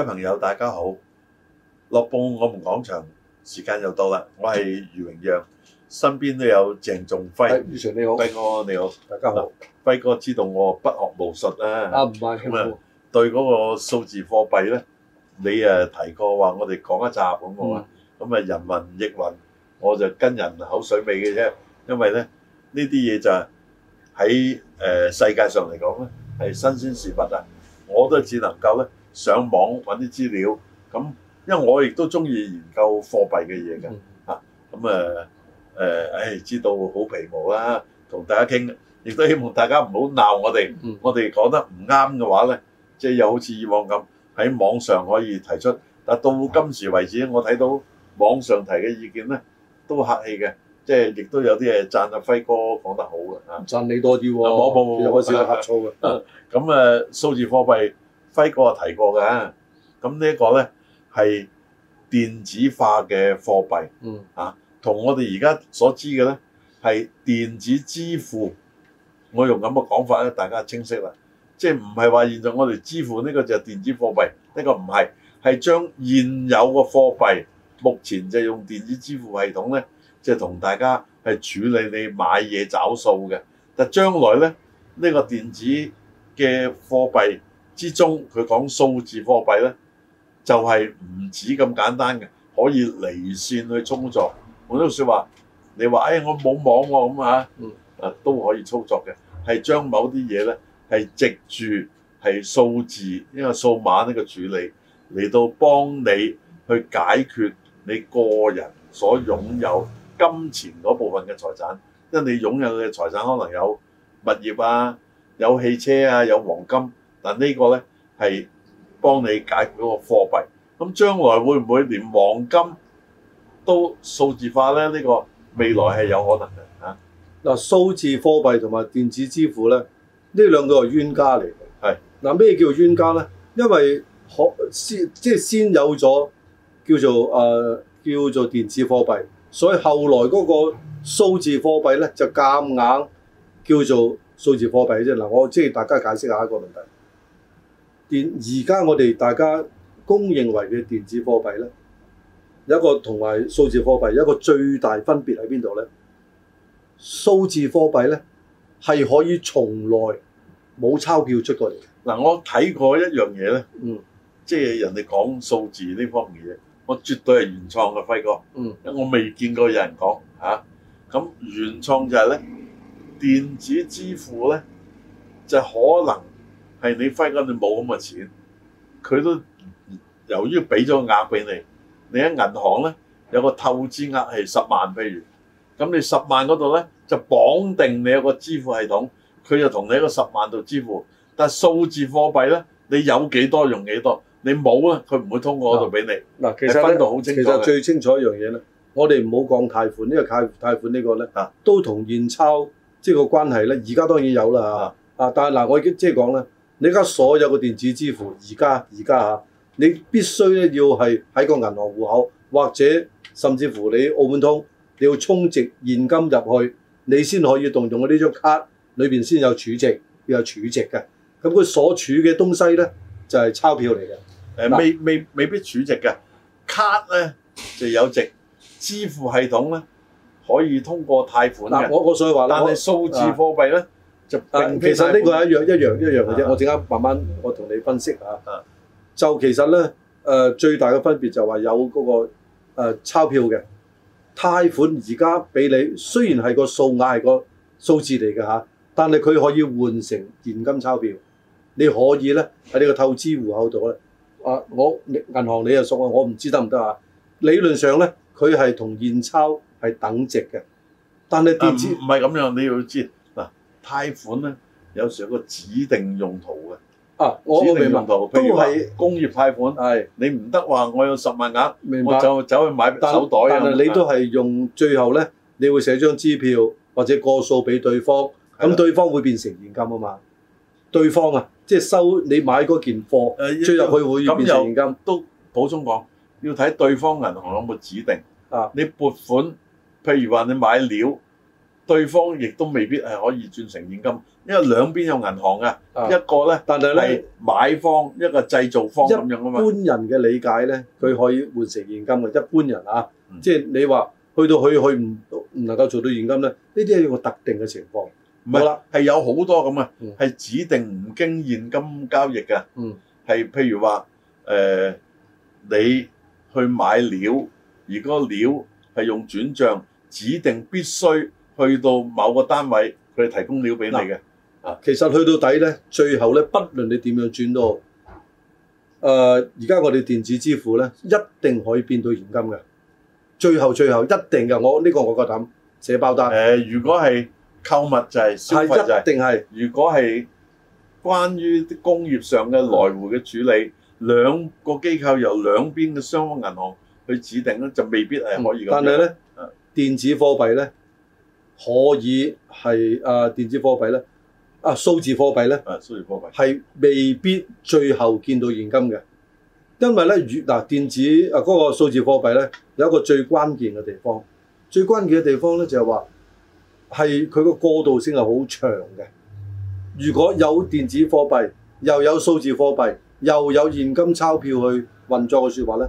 各位朋友，大家好！樂報，我們講場時間又到啦。我係余榮陽，身邊都有鄭仲輝。余 Sir 你好，輝哥你好，大家好。輝哥知道我不學無術啦。啊，唔係唔係，對嗰個數字貨幣咧，你誒提過話，我哋講一集咁啊，咁啊，人云亦云，我就跟人口水尾嘅啫。因為咧呢啲嘢就喺誒世界上嚟講咧係新鮮事物啊，我都只能夠咧。上網揾啲資料，咁因為我亦都中意研究貨幣嘅嘢㗎嚇，咁誒誒，誒、啊呃、知道好皮毛啦，同大家傾，亦都希望大家唔好鬧我哋，嗯、我哋講得唔啱嘅話咧，即、就、係、是、又好似以往咁喺網上可以提出，但到今時為止，我睇到網上提嘅意見咧都客氣嘅，即係亦都有啲係贊阿輝哥講得好嘅嚇，贊你多啲喎、哦，冇冇冇，我有少少呷醋啊，咁誒、啊啊啊、數字貨幣。輝哥又提過嘅，咁呢一個咧係電子化嘅貨幣，嗯啊，同我哋而家所知嘅咧係電子支付。我用咁嘅講法咧，大家清晰啦，即係唔係話現在我哋支付呢個就係電子貨幣？呢個唔係，係將現有嘅貨幣，目前就用電子支付系統咧，即係同大家係處理你買嘢找數嘅。但係將來咧，呢個電子嘅貨幣。之中佢講數字貨幣咧，就係唔止咁簡單嘅，可以離線去操作。我都說話，你話誒，我冇網咁啊，啊，嗯，都可以操作嘅，係將某啲嘢咧係藉住係數字，因為數碼呢個處理嚟到幫你去解決你個人所擁有金錢嗰部分嘅財產，因為你擁有嘅財產可能有物業啊，有汽車啊，有黃金。嗱，呢個咧係幫你解決個貨幣。咁將來會唔會連黃金都數字化咧？呢個未來係有可能嘅嚇。嗱，數字貨幣同埋電子支付咧，呢兩個係冤家嚟嘅。係嗱，咩叫冤家咧？因為可先即係先有咗叫做誒叫做電子貨幣，所以後來嗰個數字貨幣咧就夾硬叫做數字貨幣啫。嗱，我即係大家解釋下一個問題。電而家我哋大家公認為嘅電子貨幣咧，有一個同埋數字貨幣，有一個最大分別喺邊度咧？數字貨幣咧係可以從來冇鈔票出過嚟嘅。嗱，我睇過一樣嘢咧，嗯，即係人哋講數字呢方面嘅嘢，我絕對係原創嘅，輝哥，嗯，我未見過有人講嚇。咁原創就係咧，電子支付咧就可能。係你揮嗰你冇咁嘅錢，佢都由於俾咗額俾你，你喺銀行咧有個透支額係十萬，譬如咁你十萬嗰度咧就綁定你有個支付系統，佢就同你一個十萬度支付。但係數字貨幣咧，你有幾多用幾多，你冇咧佢唔會通過嗰度俾你。嗱，其實分度好清楚，最清楚一樣嘢咧，我哋唔好講貸款，呢個貸貸款呢個咧都同現鈔即係個關係咧。而家當然有啦吓，啊，但係嗱，我已經即係講咧。你而家所有嘅電子支付，而家而家吓，你必須咧要係喺個銀行戶口，或者甚至乎你澳門通，你要充值現金入去，你先可以動用我呢張卡裏面先有儲值，要有儲值嘅。咁佢所儲嘅東西咧就係、是、鈔票嚟嘅、呃呃，未未未必儲值嘅卡咧就有值，支付系統咧可以通過貸款嘅、呃。我我所以話咧，但係是數我字貨幣咧？呃併併其實呢個一樣一樣一樣嘅啫，啊、我陣間慢慢我同你分析下，啊、就其實呢誒、呃、最大嘅分別就話有嗰、嗰個誒、呃、鈔票嘅貸款現在你，而家俾你雖然係個數額係個數字嚟嘅吓，但係佢可以換成現金鈔票，你可以呢喺呢個透支戶口度咧。啊，我你銀行你又熟啊，我唔知得唔得啊？理論上呢，佢係同現鈔係等值嘅，但係電子唔係咁樣，你要知。貸款咧，有時候有個指定用途嘅。啊，指定用途譬如話，都係工業貸款。係你唔得話，我有十萬額，我就走去買手袋，但係你都係用最後咧，你會寫張支票或者個數俾對方，咁對方會變成現金啊嘛。對方啊，即係收你買嗰件貨，進入去會變成現金。都補充講，要睇對方銀行有冇指定。啊，你撥款，譬如話你買料。對方亦都未必係可以轉成現金，因為兩邊有銀行嘅、啊、一個咧，但係是咧買方一個製造方咁樣啊嘛。一般人嘅理解咧，佢可以換成現金嘅。一般人啊，嗯、即係你話去到佢去唔唔能夠做到現金咧，呢啲係一個特定嘅情況，唔係係有好多咁嘅係指定唔經現金交易嘅，係、嗯、譬如話誒、呃，你去買料，而嗰個料係用轉賬指定必須。去到某個單位，佢哋提供料俾你嘅。啊，其實去到底咧，最後咧，不論你點樣轉到，誒，而家我哋電子支付咧，一定可以變到現金嘅。最後最後一定嘅，我呢個我個膽寫包單。誒，如果係購物就係消費就係，一定係。如果係關於啲工業上嘅來回嘅處理，兩個機構由兩邊嘅商業銀行去指定咧，就未必係可以。但係咧，電子貨幣咧。可以係啊，電子貨幣咧，啊，數字貨幣咧，啊，數字貨幣係未必最後見到現金嘅。因為咧，如嗱電子啊，嗰個數字貨幣咧，有一個最關鍵嘅地方，最關鍵嘅地方咧就係話係佢個過渡性係好長嘅。如果有電子貨幣又有數字貨幣又有現金鈔票去運作嘅説話咧，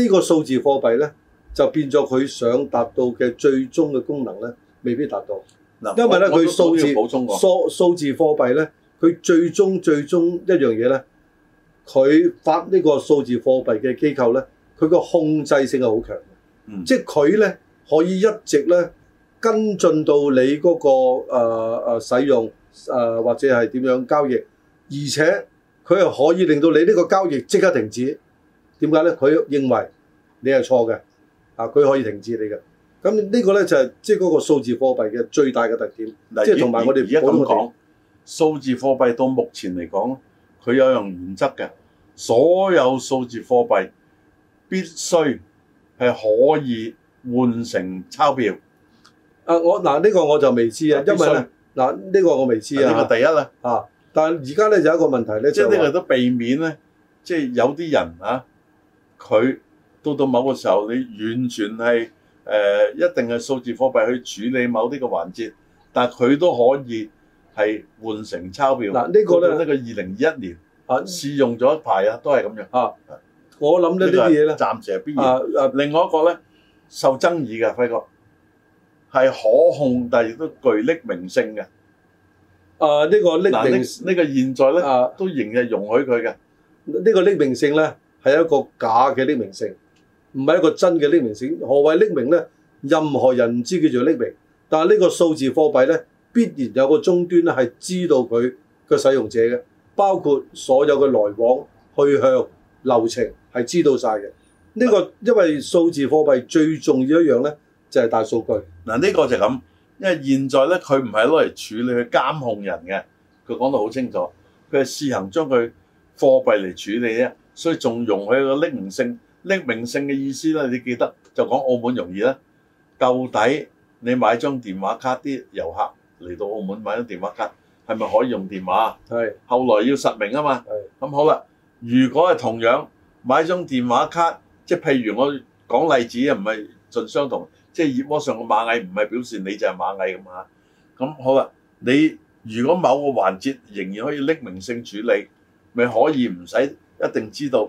呢個數字貨幣咧就變咗佢想達到嘅最終嘅功能咧。未必達到，因為咧佢數字數數字貨幣咧，佢最終最終一樣嘢咧，佢發呢個數字貨幣嘅機構咧，佢個控制性係好強嘅，嗯，即係佢咧可以一直咧跟進到你嗰、嗰個誒、呃、使用誒、呃、或者係點樣交易，而且佢又可以令到你呢個交易即刻停止。點解咧？佢認為你係錯嘅，啊，佢可以停止你嘅。咁呢個咧就係即係嗰個數字貨幣嘅最大嘅特點，即係同埋我哋而家咁講，數字貨幣到目前嚟講，佢有一個原則嘅，所有數字貨幣必須係可以換成鈔票。啊，我嗱呢、啊呢個我就未知須啊，因為嗱呢個我未知啊。呢、呢個第一啦，啊但係而家咧就有一個問題咧，即係呢個都避免咧，即、就、係、是、有啲人啊，佢到到某個時候，你完全係。誒一定係數字貨幣去處理某啲嘅環節，但係佢都可以係換成鈔票。嗱呢個咧，二零二一年試用咗一排啊，都係咁樣。啊，我諗到呢啲嘢咧，暫時係必然。啊，另外一個咧，受爭議嘅輝哥係可控，但係亦都具匿名性嘅。啊，呢個匿名，呢個現在咧都仍然容許佢嘅。呢個匿名性咧係一個假嘅匿名性。唔係一個真嘅匿名性。何謂匿名咧？任何人唔知叫做匿名。但係呢個數字貨幣咧，必然有個終端咧係知道佢個使用者嘅，包括所有嘅來往去向流程係知道晒嘅。呢、這個因為數字貨幣最重要一樣咧就係、是、大數據嗱，呢個就係咁。因為現在咧佢唔係攞嚟處理去監控人嘅，佢講得好清楚，佢係試行將佢貨幣嚟處理啫，所以仲容許佢個匿名性。匿名性嘅意思咧，你記得就講澳門容易啦。到底你買張電話卡，啲遊客嚟到澳門買張電話卡，係咪可以用電話？係是。後來要實名啊嘛。咁是好啦，如果係同樣買張電話卡，即係譬如我講例子啊，唔係盡相同，即係熱鍋上嘅螞蟻，唔係表示你就係螞蟻咁啊。咁好啦，你如果某個環節仍然可以匿名性處理，咪可以唔使一定知道。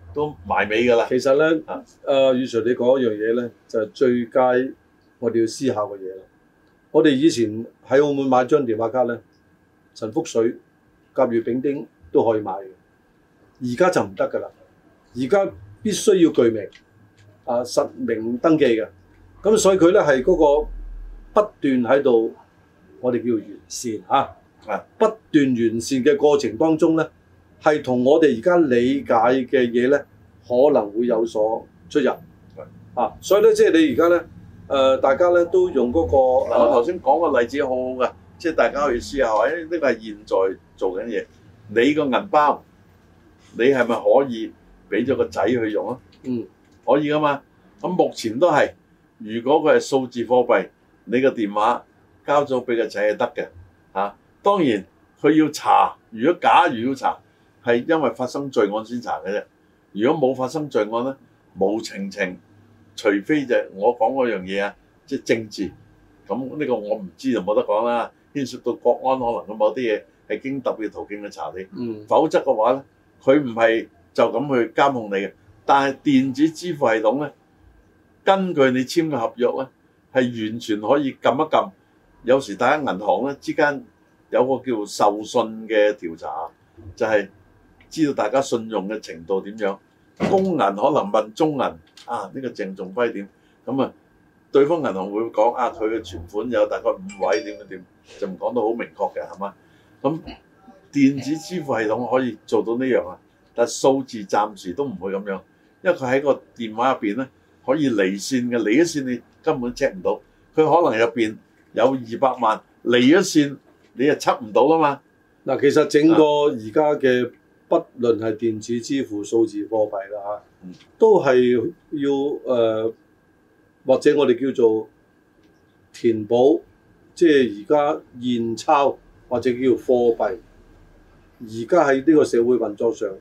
都埋尾㗎啦！其實咧，阿宇、啊、Sir，你講一樣嘢咧，就係、是、最介我哋要思考嘅嘢啦。我哋以前喺澳門買張電話卡咧，陳福水、甲、乙、丙、丁都可以買嘅，而家就唔得㗎啦。而家必須要具名啊，實名登記嘅。咁所以佢咧係嗰個不斷喺度，我哋叫完善啊，不斷完善嘅過程當中咧。係同我哋而家理解嘅嘢咧，可能會有所出入。係啊，所以咧，即係你而家咧，誒，大家咧都用嗰、那個，係啊、我頭先講個例子好好嘅，即、就、係、是、大家可以思考，誒、哎、呢、這個係現在做緊嘢，你個銀包，你係咪可以俾咗個仔去用啊？嗯，可以噶嘛。咁目前都係，如果佢係數字貨幣，你個電話交咗俾個仔係得嘅。嚇、啊，當然佢要查，如果假如要查。係因為發生罪案先查嘅啫。如果冇發生罪案咧，冇情情，除非就係我講嗰樣嘢啊，即係政治。咁呢個我唔知就冇得講啦。牽涉到國安，可能佢某啲嘢係經特別途徑去查你。嗯。否則嘅話咧，佢唔係就咁去監控你嘅。但係電子支付系統咧，根據你簽嘅合約咧，係完全可以撳一撳。有時大家銀行咧之間有個叫受信嘅調查，就係。知道大家信用嘅程度點樣，工銀可能問中銀啊，呢、這個鄭仲輝點咁啊，對方銀行會講啊，佢嘅存款有大概五位點點點，就唔講到好明確嘅，係嘛？咁、嗯、電子支付系統可以做到呢樣啊，但係數字暫時都唔會咁樣，因為佢喺個電話入邊咧可以離線嘅，離咗線你根本 check 唔到，佢可能入邊有二百萬，離咗線你就 check 唔到啊嘛。嗱，其實整個而家嘅～不論係電子支付、數字貨幣啦嚇，都係要誒、呃，或者我哋叫做填補，即係而家現鈔，或者叫貨幣，而家喺呢個社會運作上誒、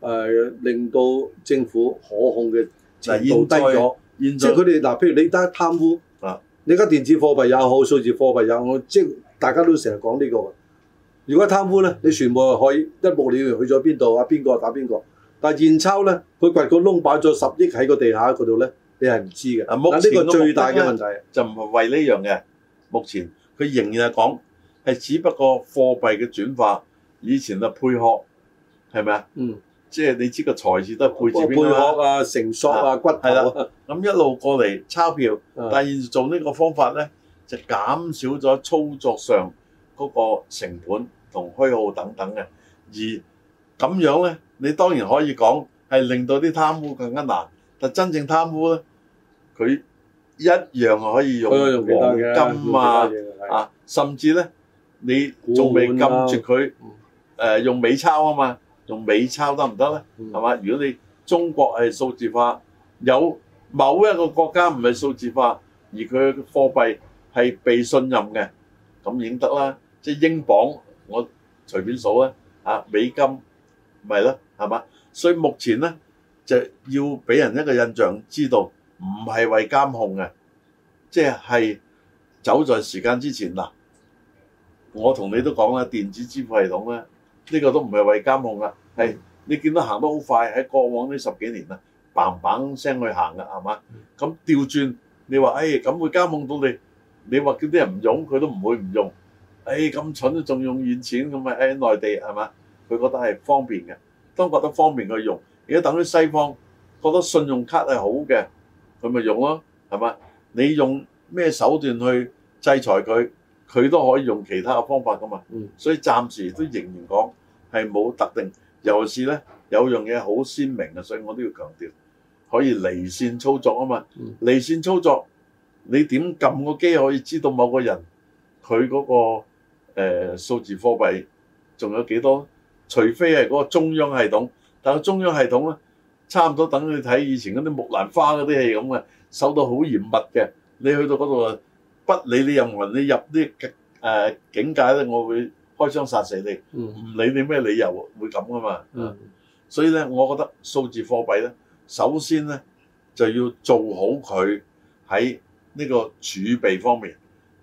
呃，令到政府可控嘅程度低咗。即係佢哋嗱，譬如你單貪污，你家電子貨幣也好，數字貨幣也好，即係大家都成日講呢個。如果貪污咧，你全部可以一目了然去咗邊度啊？邊個打邊個？但係現鈔咧，佢掘個窿擺咗十億喺個地下嗰度咧，你係唔知嘅。啊，目前呢個最大嘅問題就唔係為呢樣嘅。目前佢仍然係講係只不過貨幣嘅轉化，以前啊配殼係咪啊？嗯，即係你知財個財字都配字配殼啊，成索啊，的骨頭啊，咁的 一路過嚟鈔票，但係做呢個方法咧，就減少咗操作上。嗰個成本同虛耗等等嘅，而咁樣咧，你當然可以講係令到啲貪污更加難。但真正貪污咧，佢一樣可以用黃金啊啊，甚至咧，你仲未撳住佢，誒用美鈔啊嘛，用美鈔得唔得咧？係嘛？如果你中國係數字化，有某一個國家唔係數字化，而佢個貨幣係被信任嘅，咁影得啦。即係英鎊，我隨便數啊！吓，美金咪咯，係嘛？所以目前咧就要俾人一個印象，知道唔係為監控嘅，即係走在時間之前。嗱，我同你都講啦，電子支付系統咧呢個都唔係為監控嘅，係你見到行得好快喺過往呢十幾年啦，bang bang 聲去行嘅，係嘛？咁調轉你話誒咁會監控到你？你話叫啲人唔用佢都唔會唔用。誒咁、哎、蠢，仲用現錢咁啊？喺內地係嘛？佢覺得係方便嘅，都覺得方便去用。而家等於西方覺得信用卡係好嘅，佢咪用咯，係嘛？你用咩手段去制裁佢，佢都可以用其他嘅方法噶嘛。嗯、所以暫時都仍然講係冇特定。尤其是咧，有樣嘢好鮮明嘅，所以我都要強調，可以離線操作啊嘛。離線操作，你點撳個機可以知道某個人佢嗰、那個？誒、呃、數字貨幣仲有幾多？除非係嗰個中央系統，但係中央系統咧，差唔多等你睇以前嗰啲木蘭花嗰啲戲咁嘅，守到好嚴密嘅。你去到嗰度啊，不理你任何人，你入啲極、呃、境界咧，我會開槍殺死你，唔、嗯、哼理你咩理由會咁噶嘛。嗯、哼所以咧，我覺得數字貨幣咧，首先咧就要做好佢喺呢個儲備方面，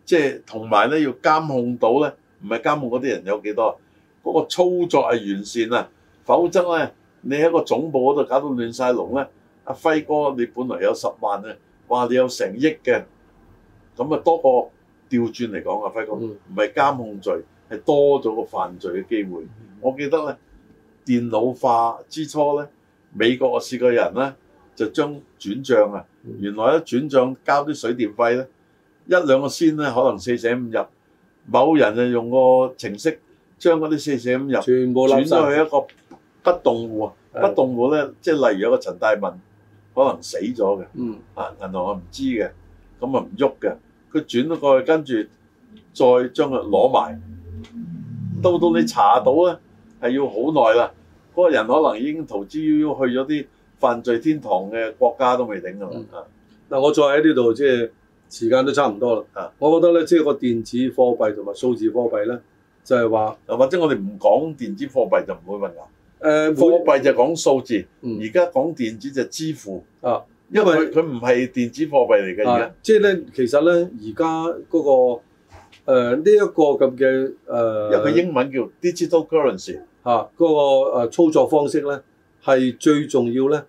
即係同埋咧要監控到咧。唔係監控嗰啲人有幾多啊？嗰、嗰個操作係完善啊，否則咧你喺個總部嗰度搞到亂晒龍咧。阿、啊、輝哥，你本來有十萬咧，哇，你有成億嘅，咁啊多個調轉嚟講啊，輝哥唔係監控罪，係多咗個犯罪嘅機會。我記得咧電腦化之初咧，美國我試過人咧就將轉帳啊，原來一轉帳交啲水電費咧一兩個先咧，可能四捨五入。某人就用個程式將嗰啲四錢咁入，全部轉咗去一個不動戶啊！的不動戶咧，即係例如有個陳大文，可能死咗嘅，嗯、啊銀行我唔知嘅，咁啊唔喐嘅，佢轉咗過去，跟住再將佢攞埋，到、嗯、到你查到咧係要好耐啦。嗰、那個人可能已經逃之夭夭，去咗啲犯罪天堂嘅國家都未定㗎嗱，嗯啊、但我再喺呢度即係。就是時間都差唔多啦。啊，我覺得咧，即、這、係個電子貨幣同埋數字貨幣咧，就係話啊，或者我哋唔講電子貨幣就唔會問我。誒、呃，貨幣就講數字，而家講電子就支付啊，因為佢唔係電子貨幣嚟嘅而家。即係咧，其實咧，而家嗰個呢一、呃這個咁嘅誒，呃、因為英文叫 Digital Currency 吓、啊，嗰、那個、呃、操作方式咧係最重要咧誒、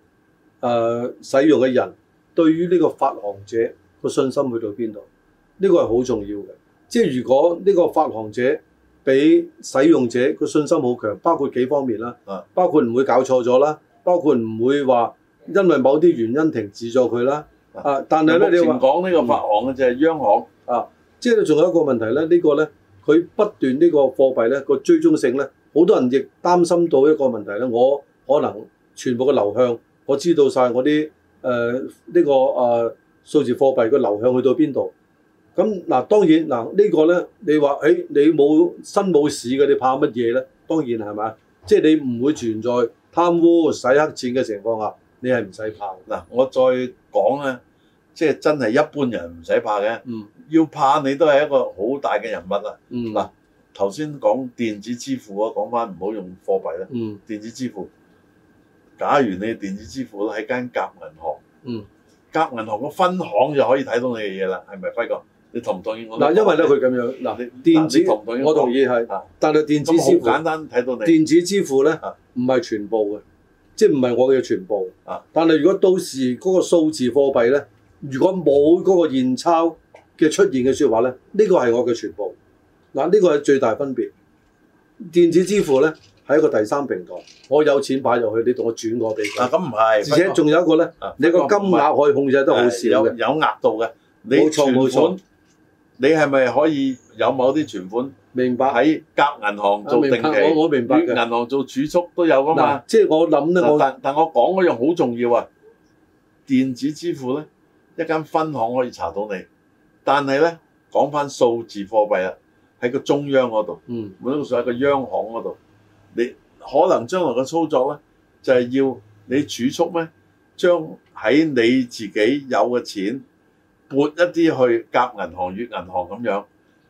呃，使用嘅人對於呢個發行者。個信心去到邊度？呢、呢個係好重要嘅，即係如果呢個發行者俾使用者個信心好強，包括幾方面啦、啊，包括唔會搞錯咗啦，包括唔會話因為某啲原因停止咗佢啦。啊，但係咧，你話講呢個發行嘅就係央行啊，即係仲有一個問題咧，呢個、呢個咧佢不斷呢個貨幣咧、個追蹤性咧，好多人亦擔心到一個問題咧，我可能全部嘅流向我知道晒我啲誒呢個誒。呃數字貨幣嘅流向去到邊度？咁嗱，當然嗱、這個、呢個咧，你話誒，你冇新冇市嘅，你怕乜嘢咧？當然係咪，即係、就是、你唔會存在貪污洗黑錢嘅情況下，你係唔使怕的。嗱，我再講啊，即、就、係、是、真係一般人唔使怕嘅。嗯，要怕你都係一個好大嘅人物啦。嗯，嗱，頭先講電子支付啊，講返唔好用貨幣啦。嗯，電子支付，假如你電子支付喺間甲銀行。嗯。隔銀行個分行就可以睇到你嘅嘢啦，係咪輝哥？你同唔同意我？嗱，因為咧佢咁樣，嗱，電子，我同意係。啊、但係電，、啊、電子支付，電子支付咧，唔係全部嘅，即係唔係我嘅全部。啊啊、但係如果到時嗰個數字貨幣咧，如果冇嗰個現鈔嘅出現嘅說話咧，呢、呢個係我嘅全部。嗱、啊，呢、呢個係最大分別。電子支付咧。喺一個第三平台，我有錢擺入去，你同我轉過俾佢。啊，咁唔係，而且仲有一個咧，你個金額可以控制得好少嘅，有額度嘅。你錯，存款你係咪可以有某啲存款？明白。喺隔銀行做定期，我我明白嘅。銀行做儲蓄都有㗎嘛。即係我諗咧，我但但我講嗰樣好重要啊！電子支付咧，一間分行可以查到你，但係咧講翻數字貨幣啊，喺個中央嗰度，嗯，都算喺個央行嗰度。你可能將來嘅操作咧，就係、是、要你儲蓄咩，將喺你自己有嘅錢撥一啲去夾銀行、越銀行咁樣。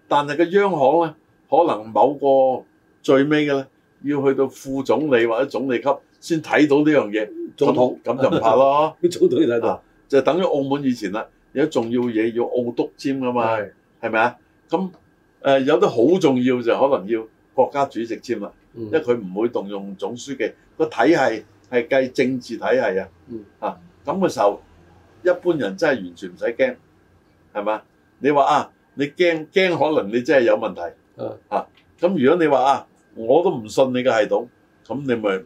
但係個央行咧，可能某個最尾嘅咧，要去到副總理或者總理級先睇到呢樣嘢。總統咁就唔怕咯。總統要睇到，就等於澳門以前啦。有重要嘢要澳督簽噶嘛，係咪啊？咁誒、呃、有啲好重要就可能要國家主席簽啦。因為佢唔會動用總書記個體系，係計政治體系啊。嗯。咁嘅時候，一般人真係完全唔使驚，係嘛？你話啊，你驚驚，可能你真係有問題。嗯、啊。咁、啊，如果你話啊，我都唔信你個系統，咁你咪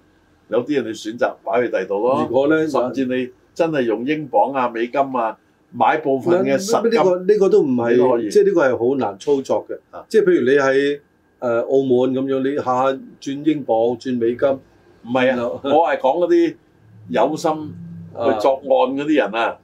有啲人你選擇擺去第度咯。如果咧，甚至你真係用英鎊啊、美金啊買部分嘅實金。呢、這個呢、這個都唔係，即係呢個係好難操作嘅。啊，即係譬如你喺。誒澳門咁樣，你下下轉英鎊、轉美金，唔係啊，我係講嗰啲有心去作案嗰啲人啊。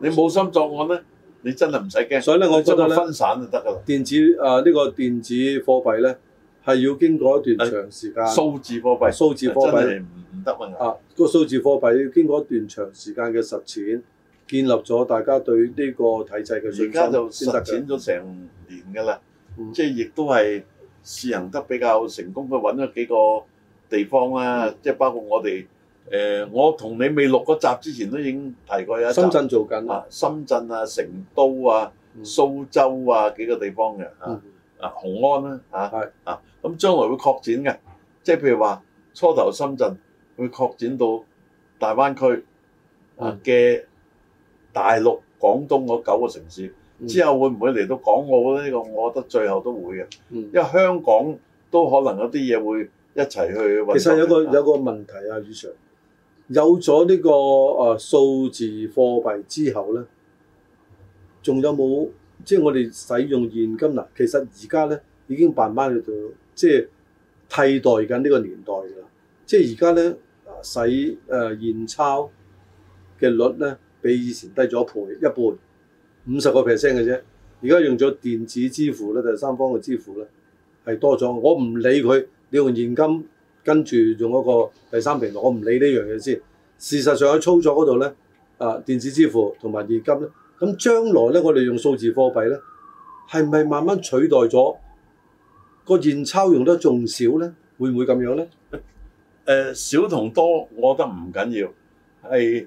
你冇心作案咧，你真係唔使驚。所以咧，我覺得咧，分散就得㗎啦。電子，誒呢個電子貨幣咧，係要經過一段長時間。數字貨幣。數字貨幣真係唔，唔得問。啊，個數字貨幣要經過一段長時間嘅實踐，建立咗大家對呢個體制嘅信心。而家就實踐咗成年㗎啦，即係亦都係。試行得比較成功，佢揾咗幾個地方啦、啊，嗯、即係包括我哋誒、呃，我同你未錄嗰集之前都已經提過一集，深圳做緊啊，深圳啊、成都啊、嗯、蘇州啊幾個地方嘅、啊、嚇，啊雄安啦嚇，係、嗯、啊，咁將來會擴展嘅，即係譬如話初頭深圳會擴展到大灣區啊嘅、嗯、大陸廣東嗰九個城市。之後會唔會嚟到港澳咧？呢個我覺得最後都會嘅，因為香港都可能有啲嘢會一齊去。其實有個有個問題啊，宇常，有咗呢、這個誒數、呃、字貨幣之後咧，仲有冇即係我哋使用現金嗱？其實而家咧已經慢慢去到即係替代緊呢個年代㗎啦。即係而家咧使誒、呃、現鈔嘅率咧，比以前低咗一倍一半。五十個 percent 嘅啫，而家用咗電子支付咧，第三方嘅支付咧，係多咗。我唔理佢，你用現金跟住用嗰個第三平台，我唔理呢樣嘢先。事實上喺操作嗰度咧，啊，電子支付同埋現金咧，咁將來咧，我哋用數字貨幣咧，係咪慢慢取代咗個現鈔？用得仲少咧？會唔會咁樣咧？誒少同多，我覺得唔緊要，係。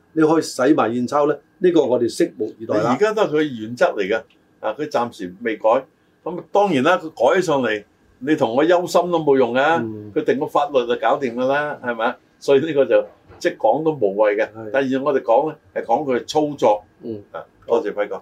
你可以洗埋現鈔咧，呢、這個我哋拭目以待啦。而家都係佢原則嚟嘅，啊，佢暫時未改。咁當然啦，佢改上嚟，你同我憂心都冇用嘅、啊。佢、嗯、定個法律就搞掂㗎啦，係咪啊？所以呢個就即講都無謂嘅。是第二我哋講咧係講佢操作。嗯。啊，多謝輝哥。